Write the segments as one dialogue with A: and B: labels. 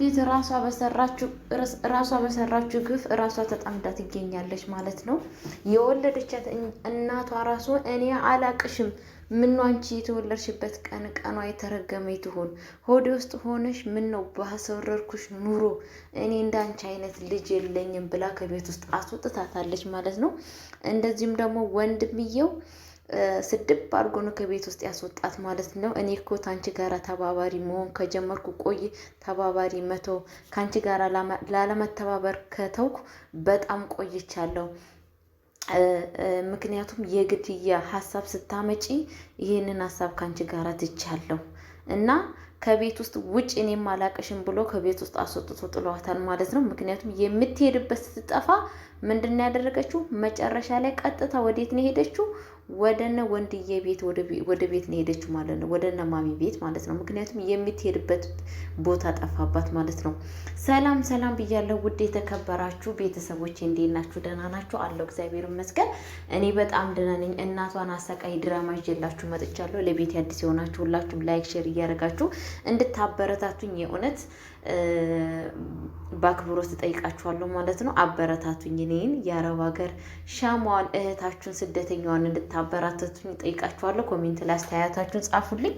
A: ዲት ራሷ በሰራችው ራሷ በሰራችው ግፍ ራሷ ተጠምዳ ትገኛለች ማለት ነው። የወለደቻት እናቷ ራሱ እኔ አላቅሽም ምን አንቺ የተወለድሽበት ቀን ቀኗ የተረገመ ትሆን ሆድ ውስጥ ሆነሽ ምን ነው ኑሮ እኔ እንዳንቺ አይነት ልጅ የለኝም ብላ ከቤት ውስጥ አስወጥታታለች ማለት ነው። እንደዚሁም ደግሞ ወንድምየው ስድብ አድርጎ ነው ከቤት ውስጥ ያስወጣት ማለት ነው። እኔ እኮ ታንቺ ጋራ ተባባሪ መሆን ከጀመርኩ ቆይ ተባባሪ መቶ ከአንቺ ጋር ላለመተባበር ከተውኩ በጣም ቆይቻለሁ። ምክንያቱም የግድያ ሀሳብ ስታመጪ ይህንን ሀሳብ ከአንቺ ጋራ ትቻለሁ እና ከቤት ውስጥ ውጭ እኔም አላቅሽም ብሎ ከቤት ውስጥ አስወጥቶ ጥለዋታል ማለት ነው። ምክንያቱም የምትሄድበት ስትጠፋ ምንድን ነው ያደረገችው? መጨረሻ ላይ ቀጥታ ወዴት ነው የሄደችው? ወደነ ወንድዬ ቤት ወደ ቤት ነው ሄደችው ማለት ነው። ወደነ ማሚ ቤት ማለት ነው። ምክንያቱም የምትሄድበት ቦታ ጠፋባት ማለት ነው። ሰላም ሰላም ብያለሁ ውድ የተከበራችሁ ቤተሰቦች፣ እንዴት ናችሁ? ደህና ናችሁ? አለው እግዚአብሔር ይመስገን እኔ በጣም ደህና ነኝ። እናቷን አሰቃይ ድራማ ይዤላችሁ መጥቻለሁ። ለቤት አዲስ የሆናችሁ ሁላችሁም ላይክ፣ ሼር እያደረጋችሁ እንድታበረታቱኝ የእውነት በአክብሮት እጠይቃችኋለሁ ማለት ነው። አበረታቱኝ እኔን የአረብ ሀገር ሻማዋን እህታችሁን ስደተኛዋን እንድታ እንድታበረታቱኝ ጠይቃችኋለሁ። ኮሜንት ላይ አስተያየታችሁን ጻፉልኝ።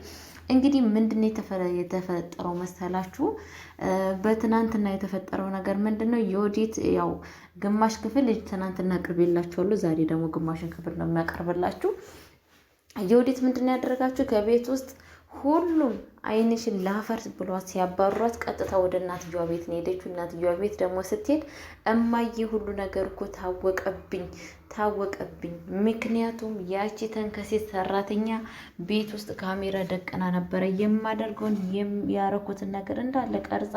A: እንግዲህ ምንድን ነው የተፈጠረው መሰላችሁ? በትናንትና የተፈጠረው ነገር ምንድን ነው? የወዴት ያው ግማሽ ክፍል ትናንትና አቅርቤላችኋለሁ። ዛሬ ደግሞ ግማሽን ክፍል ነው የሚያቀርብላችሁ። የወዴት ምንድን ነው ያደረጋችሁ ከቤት ውስጥ ሁሉም አይነሽን ላፈርስ ብሏት ሲያባሯት ቀጥታ ወደ እናትየዋ ቤት ነው የሄደችው። እናትየዋ ቤት ደግሞ ስትሄድ እማዬ ሁሉ ነገር እኮ ታወቀብኝ ታወቀብኝ። ምክንያቱም ያቺ ተንከሴት ሰራተኛ ቤት ውስጥ ካሜራ ደቅና ነበረ የማደርገውን የሚያረኩትን ነገር እንዳለ ቀርጻ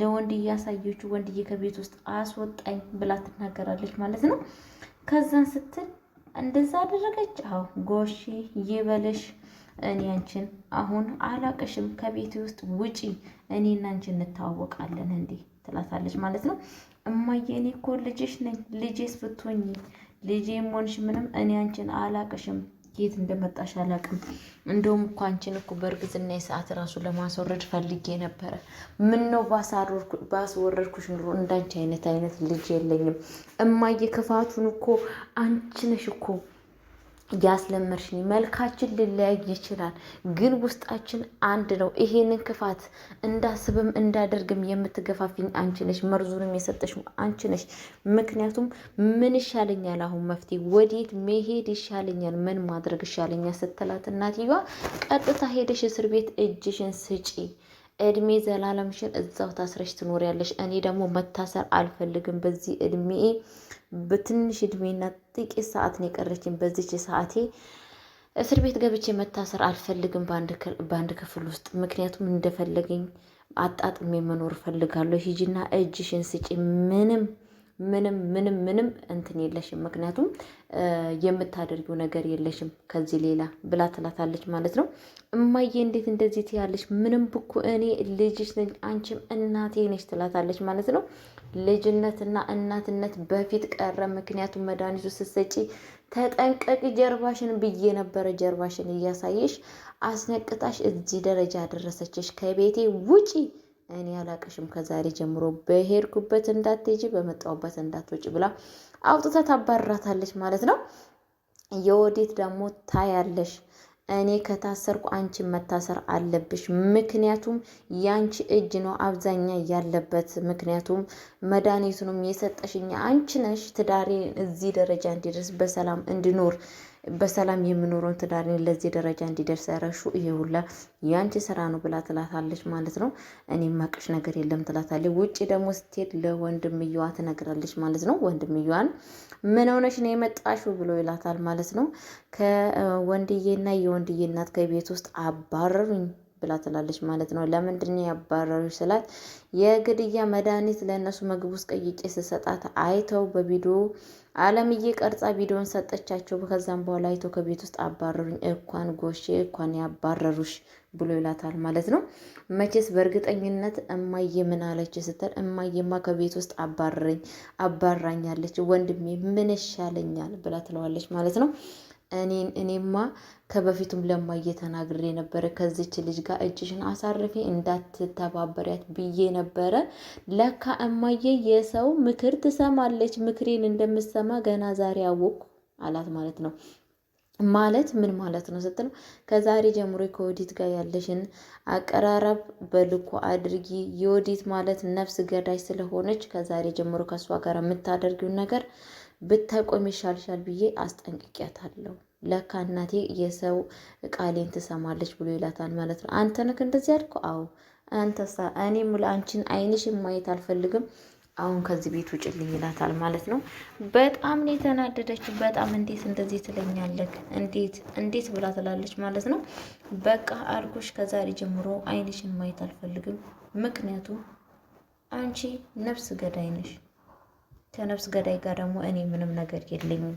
A: ለወንድ እያሳየችው ወንድዬ ከቤት ውስጥ አስወጣኝ ብላ ትናገራለች ማለት ነው። ከዛን ስትል እንደዛ አደረገች። አዎ ጎሺ ይበለሽ እኔ አንቺን አሁን አላቅሽም፣ ከቤት ውስጥ ውጪ፣ እኔና አንቺ እንታወቃለን እንዴ ትላታለች ማለት ነው። እማዬ እኔ እኮ ልጅሽ ነኝ፣ ልጄስ ብትሆኝ ልጄ ሆንሽ ምንም፣ እኔ አንቺን አላቅሽም የት እንደመጣሽ አላቅም እንደውም እኮ አንቺን እኮ በእርግዝና የሰዓት ራሱ ለማስወረድ ፈልጌ ነበረ። ምን ነው ባስወረድኩሽ ኑሮ እንዳንቺ አይነት አይነት ልጅ የለኝም እማዬ። ክፋቱን እኮ አንቺ ነሽ እኮ ያስለመድሽኝ መልካችን ሊለያይ ይችላል፣ ግን ውስጣችን አንድ ነው። ይሄንን ክፋት እንዳስብም እንዳደርግም የምትገፋፊኝ አንቺ ነሽ፣ መርዙንም የሰጠሽ አንቺ ነሽ። ምክንያቱም ምን ይሻለኛል አሁን መፍትሄ ወዴት መሄድ ይሻለኛል፣ ምን ማድረግ ይሻለኛል ስትላት እናትየዋ ቀጥታ ሄደሽ እስር ቤት እጅሽን ስጪ እድሜ ዘላለምሽን እዛው ታስረሽ ትኖሪያለሽ። እኔ ደግሞ መታሰር አልፈልግም በዚህ እድሜ በትንሽ እድሜና ጥቂት ሰዓት ነው የቀረችኝ። በዚች ሰዓቴ እስር ቤት ገብቼ መታሰር አልፈልግም በአንድ ክፍል ውስጥ ምክንያቱም እንደፈለገኝ አጣጥሜ መኖር ፈልጋለሁ። ሂጂና እጅሽን ስጪ ምንም ምንም ምንም ምንም እንትን የለሽም፣ ምክንያቱም የምታደርጊው ነገር የለሽም ከዚህ ሌላ ብላ ትላታለች ማለት ነው። እማዬ እንዴት እንደዚህ ትያለሽ? ምንም ብኩ እኔ ልጅሽ ነኝ፣ አንቺም እናቴ ነሽ ትላታለች ማለት ነው። ልጅነትና እናትነት በፊት ቀረ። ምክንያቱም መድኃኒቱ ስትሰጪ ተጠንቀቂ ጀርባሽን ብዬ ነበረ። ጀርባሽን እያሳየሽ አስነቅጣሽ እዚህ ደረጃ አደረሰችሽ። ከቤቴ ውጪ እኔ አላቅሽም ከዛሬ ጀምሮ በሄድኩበት እንዳትሄጂ በመጣሁበት እንዳትወጪ ብላ አውጥታ ታባርራታለች ማለት ነው። የወዴት ደግሞ ታያለሽ። እኔ ከታሰርኩ አንቺ መታሰር አለብሽ። ምክንያቱም ያንቺ እጅ ነው አብዛኛ ያለበት። ምክንያቱም መድኃኒቱንም የሰጠሽኛ አንቺ ነሽ። ትዳሬ እዚህ ደረጃ እንዲደርስ በሰላም እንድኖር በሰላም የምኖረውን ትዳርን ለዚህ ደረጃ እንዲደርስ ያረሹ ይሄ ሁላ ስራ ነው ብላ ትላታለች ማለት ነው። እኔ ማቅሽ ነገር የለም ትላታለች። ውጭ ደግሞ ስትሄድ ለወንድምየዋ ትነግራለች ማለት ነው። ወንድምየዋን ምን ሆነሽ ነው የመጣሹ ብሎ ይላታል ማለት ነው። ከወንድዬና የወንድዬ እናት ከቤት ውስጥ አባረሩኝ ብላ ትላለች ማለት ነው። ለምንድን ያባረሩሽ ስላት የግድያ መድኃኒት ለእነሱ ምግብ ውስጥ ቀይጬ ስሰጣት አይተው በቪዲዮ አለምዬ ቀርጻ ቪዲዮን ሰጠቻቸው። ከዛም በኋላ አይቶ ከቤት ውስጥ አባረሩኝ፣ እኳን ጎሼ እኳን ያባረሩሽ ብሎ ይላታል ማለት ነው። መቼስ በእርግጠኝነት እማዬ ምን አለች ስትል እማዬማ ከቤት ውስጥ አባረኝ አባራኛለች፣ ወንድሜ ምን ይሻለኛል ብላ ትለዋለች ማለት ነው። እኔን እኔማ ከበፊቱም ለማዬ ተናግሬ ነበረ ከዚች ልጅ ጋር እጅሽን አሳርፊ እንዳትተባበሪያት ብዬ ነበረ። ለካ እማዬ የሰው ምክር ትሰማለች። ምክሬን እንደምትሰማ ገና ዛሬ አወቅኩ አላት ማለት ነው። ማለት ምን ማለት ነው ስትለው ከዛሬ ጀምሮ ከወዲት ጋር ያለሽን አቀራረብ በልኩ አድርጊ። የወዲት ማለት ነፍስ ገዳይ ስለሆነች ከዛሬ ጀምሮ ከእሷ ጋር የምታደርጊውን ነገር ብታቆም ይሻልሻል ብዬ አስጠንቅቂያታለሁ። ለካ እናቴ የሰው ቃሌን ትሰማለች ብሎ ይላታል ማለት ነው። አንተ ነህ እንደዚህ ያልኩ? አዎ አንተሳ? እኔም ለአንቺን አይንሽ ማየት አልፈልግም አሁን ከዚህ ቤት ውጭልኝ ይላታል ማለት ነው። በጣም ነው የተናደደች። በጣም እንዴት እንደዚህ ትለኛለህ? እንዴት እንዴት ብላ ትላለች ማለት ነው። በቃ አልኩሽ ከዛሬ ጀምሮ አይንሽን ማየት አልፈልግም። ምክንያቱም አንቺ ነፍስ ገዳይ ነሽ። ከነፍስ ገዳይ ጋር ደግሞ እኔ ምንም ነገር የለኝም።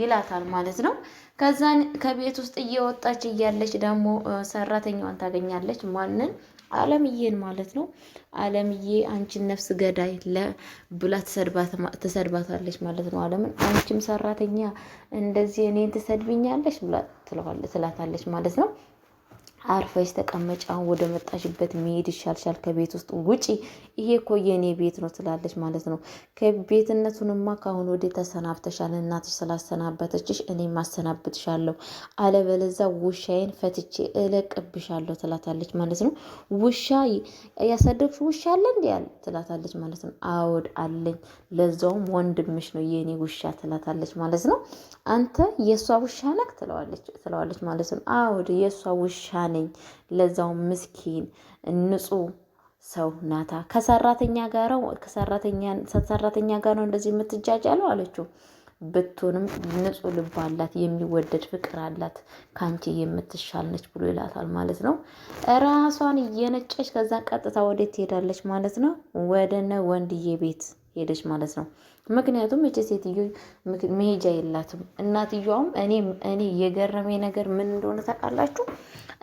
A: ይላታል ማለት ነው። ከዛን ከቤት ውስጥ እየወጣች እያለች ደግሞ ሰራተኛዋን ታገኛለች። ማንን? አለምዬን ማለት ነው። አለምዬ አንቺን ነፍስ ገዳይ ብላ ትሰድባታለች ማለት ነው። አለምን አንቺም ሰራተኛ እንደዚህ እኔን ትሰድብኛለች ብላ ትላታለች ማለት ነው። አርፈሽ ተቀመጭ፣ አሁን ወደ መጣሽበት መሄድ ይሻልሻል። ከቤት ውስጥ ውጪ፣ ይሄ እኮ የእኔ ቤት ነው ትላለች ማለት ነው። ከቤትነቱንማ ከአሁን ወደ ተሰናብተሻል፣ እናትሽ ስላሰናበተችሽ እኔ ማሰናብትሻለሁ፣ አለበለዛ ውሻዬን ፈትቼ እለቅብሻለሁ ትላታለች ማለት ነው። ውሻ ያሳደግሽ ውሻ አለ እንዲ ያለ ትላታለች ማለት ነው። አወድ አለኝ፣ ለዛውም ወንድምሽ ነው የእኔ ውሻ ትላታለች ማለት ነው። አንተ የእሷ ውሻ ነክ ትለዋለች ማለት ነው። አወድ የእሷ ውሻ ነኝ። ለዛው ምስኪን ንጹህ ሰው ናታ። ከሰራተኛ ጋር ሰራተኛ ጋር ነው እንደዚህ የምትጃጃለው አለችው። ብትሆንም ንጹህ ልብ አላት፣ የሚወደድ ፍቅር አላት፣ ከአንቺ የምትሻል ነች ብሎ ይላታል ማለት ነው። ራሷን እየነጨች ከዛ ቀጥታ ወዴት ትሄዳለች ማለት ነው? ወደነ ወንድዬ ቤት ሄደች ማለት ነው። ምክንያቱም እች ሴትዮ መሄጃ የላትም። እናትየውም እኔ እኔ የገረሜ ነገር ምን እንደሆነ ታውቃላችሁ?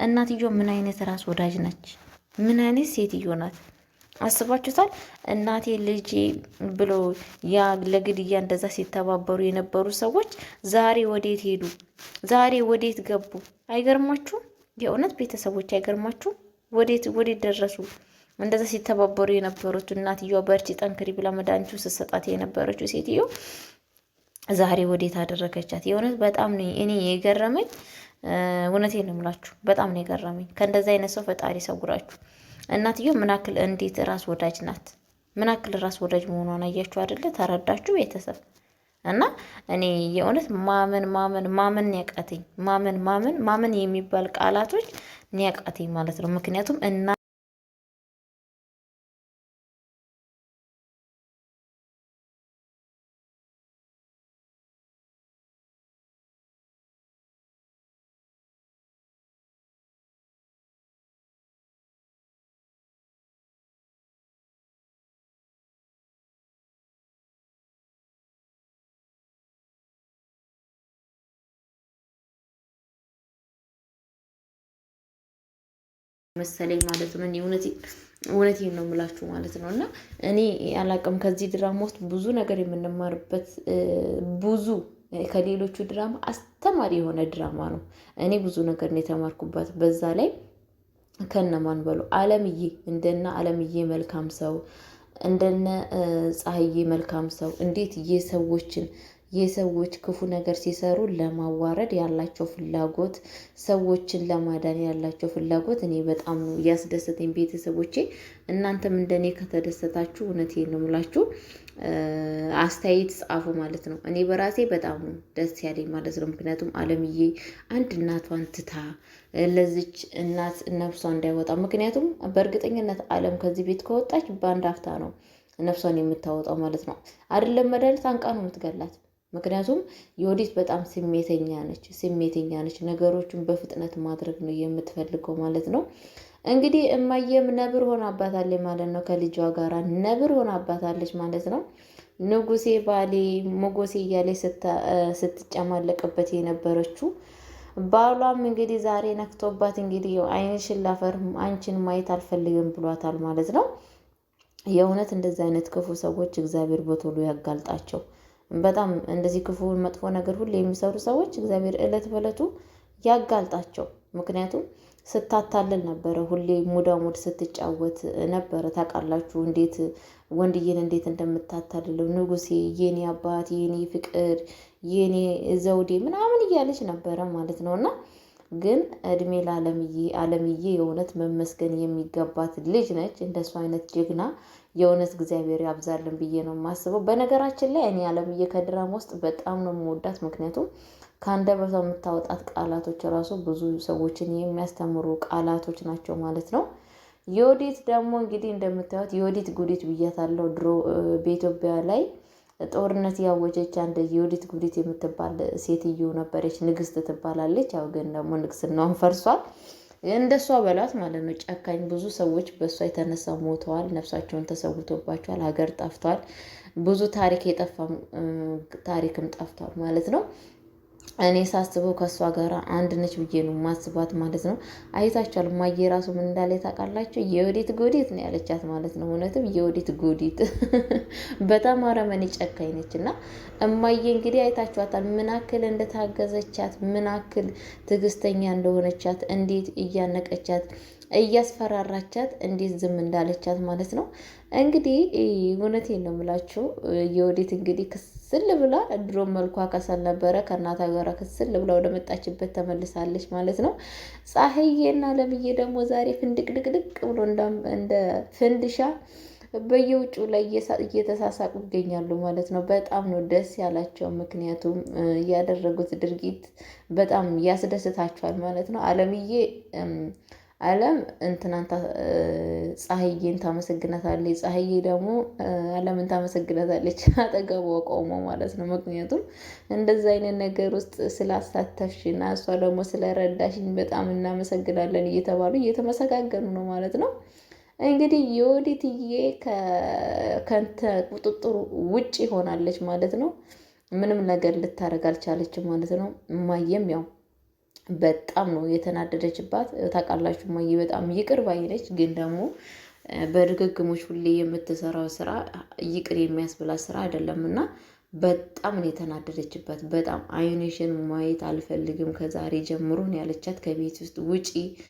A: እናትዮ ምን አይነት ራስ ወዳጅ ናች? ምን አይነት ሴትዮ ናት? አስባችሁታል? እናቴ ልጄ ብሎ ያ ለግድያ እንደዛ ሲተባበሩ የነበሩ ሰዎች ዛሬ ወዴት ሄዱ? ዛሬ ወዴት ገቡ? አይገርማችሁም? የእውነት ቤተሰቦች አይገርማችሁም? ወዴት ወዴት ደረሱ? እንደዛ ሲተባበሩ የነበሩት እናትየዋ በርቺ ጠንክሪ ብላ መድኃኒቱ ስትሰጣት የነበረችው ሴትዮ ዛሬ ወዴት አደረገቻት? የእውነት በጣም ነው እኔ የገረመኝ። እውነቴን ነው የምላችሁ፣ በጣም ነው የገረመኝ። ከእንደዛ አይነት ሰው ፈጣሪ ሰውራችሁ። እናትዮ ምናክል ያክል እንዴት ራስ ወዳጅ ናት! ምናክል ራስ ወዳጅ መሆኗን አያችሁ አይደለ? ተረዳችሁ ቤተሰብ እና እኔ የእውነት ማመን ማመን ማመን ያቃተኝ ማመን ማመን ማመን የሚባል ቃላቶች ያቃተኝ ማለት ነው። ምክንያቱም እና መሰለኝ ማለት ነው። እውነቴን ነው የምላችሁ ማለት ነው። እና እኔ አላቅም ከዚህ ድራማ ውስጥ ብዙ ነገር የምንማርበት ብዙ ከሌሎቹ ድራማ አስተማሪ የሆነ ድራማ ነው። እኔ ብዙ ነገር ነው የተማርኩባት። በዛ ላይ ከነማን በሉ አለምዬ፣ እንደነ አለምዬ መልካም ሰው፣ እንደነ ፀሐዬ መልካም ሰው እንዴት የሰዎችን የሰዎች ክፉ ነገር ሲሰሩ ለማዋረድ ያላቸው ፍላጎት፣ ሰዎችን ለማዳን ያላቸው ፍላጎት እኔ በጣም ነው እያስደሰተኝ። ቤተሰቦቼ እናንተም እንደኔ ከተደሰታችሁ እውነቴን ነው የምላችሁ አስተያየት ጻፉ ማለት ነው። እኔ በራሴ በጣም ነው ደስ ያለኝ ማለት ነው። ምክንያቱም አለምዬ አንድ እናቷን ትታ ለዚች እናት ነፍሷ እንዳይወጣ ምክንያቱም በእርግጠኝነት አለም ከዚህ ቤት ከወጣች በአንድ አፍታ ነው ነፍሷን የምታወጣው ማለት ነው። አይደለም መድኃኒት አንቃ ነው የምትገላት። ምክንያቱም የወዲት በጣም ስሜተኛ ነች ስሜተኛ ነች። ነገሮችን በፍጥነት ማድረግ ነው የምትፈልገው ማለት ነው። እንግዲህ እማየም ነብር ሆናባታለች ማለት ነው። ከልጇ ጋር ነብር ሆናባታለች ማለት ነው። ንጉሴ ባሌ ሞጎሴ እያለች ስትጨማለቅበት የነበረችው ባሏም እንግዲህ ዛሬ ነክቶባት እንግዲህ ዓይንሽን ላፈር አንቺን ማየት አልፈልግም ብሏታል ማለት ነው። የእውነት እንደዚህ አይነት ክፉ ሰዎች እግዚአብሔር በቶሎ ያጋልጣቸው። በጣም እንደዚህ ክፉ መጥፎ ነገር ሁሉ የሚሰሩ ሰዎች እግዚአብሔር እለት በእለቱ ያጋልጣቸው። ምክንያቱም ስታታልል ነበረ፣ ሁሌ ሙዳሙድ ስትጫወት ነበረ። ታውቃላችሁ እንዴት ወንድዬን እንዴት እንደምታታልለው ንጉሴ፣ የኔ አባት፣ የኔ ፍቅር፣ የኔ ዘውዴ ምናምን እያለች ነበረ ማለት ነው እና ግን እድሜ ለአለምዬ አለምዬ የእውነት መመስገን የሚገባት ልጅ ነች። እንደሱ አይነት ጀግና የእውነት እግዚአብሔር ያብዛልን ብዬ ነው የማስበው። በነገራችን ላይ እኔ አለምዬ ከድራማ ውስጥ በጣም ነው የምወዳት። ምክንያቱም ከአንደበቷ የምታወጣት ቃላቶች ራሱ ብዙ ሰዎችን የሚያስተምሩ ቃላቶች ናቸው ማለት ነው። የወዲት ደግሞ እንግዲህ እንደምታዩት የወዲት ጉዲት ብያታለሁ ድሮ በኢትዮጵያ ላይ ጦርነት ያወጀች አንድ የወዲት ጉዲት የምትባል ሴትዮ ነበረች። ንግስት ትባላለች። ያው ግን ደግሞ ንግስናዋን ፈርሷል። እንደሷ በላት ማለት ነው። ጨካኝ ብዙ ሰዎች በእሷ የተነሳ ሞተዋል፣ ነፍሳቸውን ተሰውቶባቸዋል፣ ሀገር ጠፍቷል። ብዙ ታሪክ የጠፋም ታሪክም ጠፍቷል ማለት ነው። እኔ ሳስበው ከእሷ ጋር አንድ ነች ብዬ ነው ማስባት ማለት ነው። አይታችኋል፣ ማየ ራሱ ምን እንዳለ ታውቃላችሁ? የወዴት ጎዴት ነው ያለቻት ማለት ነው። እውነትም የወዴት ጎዴት በጣም አረመኔ ጨካኝ ነች። እና እማየ እንግዲህ አይታችኋታል፣ አክል እንደታገዘቻት፣ ምን አክል ትዕግስተኛ እንደሆነቻት፣ እንዴት እያነቀቻት እያስፈራራቻት እንዴት ዝም እንዳለቻት ማለት ነው። እንግዲህ እውነቴን ነው የምላችሁ። የወዴት እንግዲህ ክስል ብላ ድሮ መልኳ ከሰል ነበረ። ከእናቷ ጋር ክስል ብላ ወደመጣችበት ተመልሳለች ማለት ነው። ፀሐዬና ለምዬ ደግሞ ዛሬ ፍንድቅድቅድቅ ብሎ እንደ ፍንድሻ በየውጭው ላይ እየተሳሳቁ ይገኛሉ ማለት ነው። በጣም ነው ደስ ያላቸው። ምክንያቱም ያደረጉት ድርጊት በጣም ያስደስታቸዋል ማለት ነው። አለምዬ አለም እንትናን ፀሐዬን ታመሰግናታለች። ፀሐዬ ደግሞ አለምን ታመሰግናታለች አጠገቧ ቆሞ ማለት ነው። ምክንያቱም እንደዛ አይነት ነገር ውስጥ እና እሷ ደግሞ ስለረዳሽኝ በጣም እናመሰግናለን እየተባሉ እየተመሰጋገኑ ነው ማለት ነው። እንግዲህ የወዲትዬ ከንተ ቁጥጥር ውጭ ሆናለች ማለት ነው። ምንም ነገር ልታደርግ አልቻለችም ማለት ነው። እማዬም ያው በጣም ነው የተናደደችባት። ታውቃላችሁ እማዬ በጣም ይቅር ባይነች፣ ግን ደግሞ በድግግሞች ሁሌ የምትሰራው ስራ ይቅር የሚያስብላ ስራ አይደለም እና በጣም ነው የተናደደችባት። በጣም አይንሽን ማየት አልፈልግም ከዛሬ ጀምሮ ነው ያለቻት። ከቤት ውስጥ ውጪ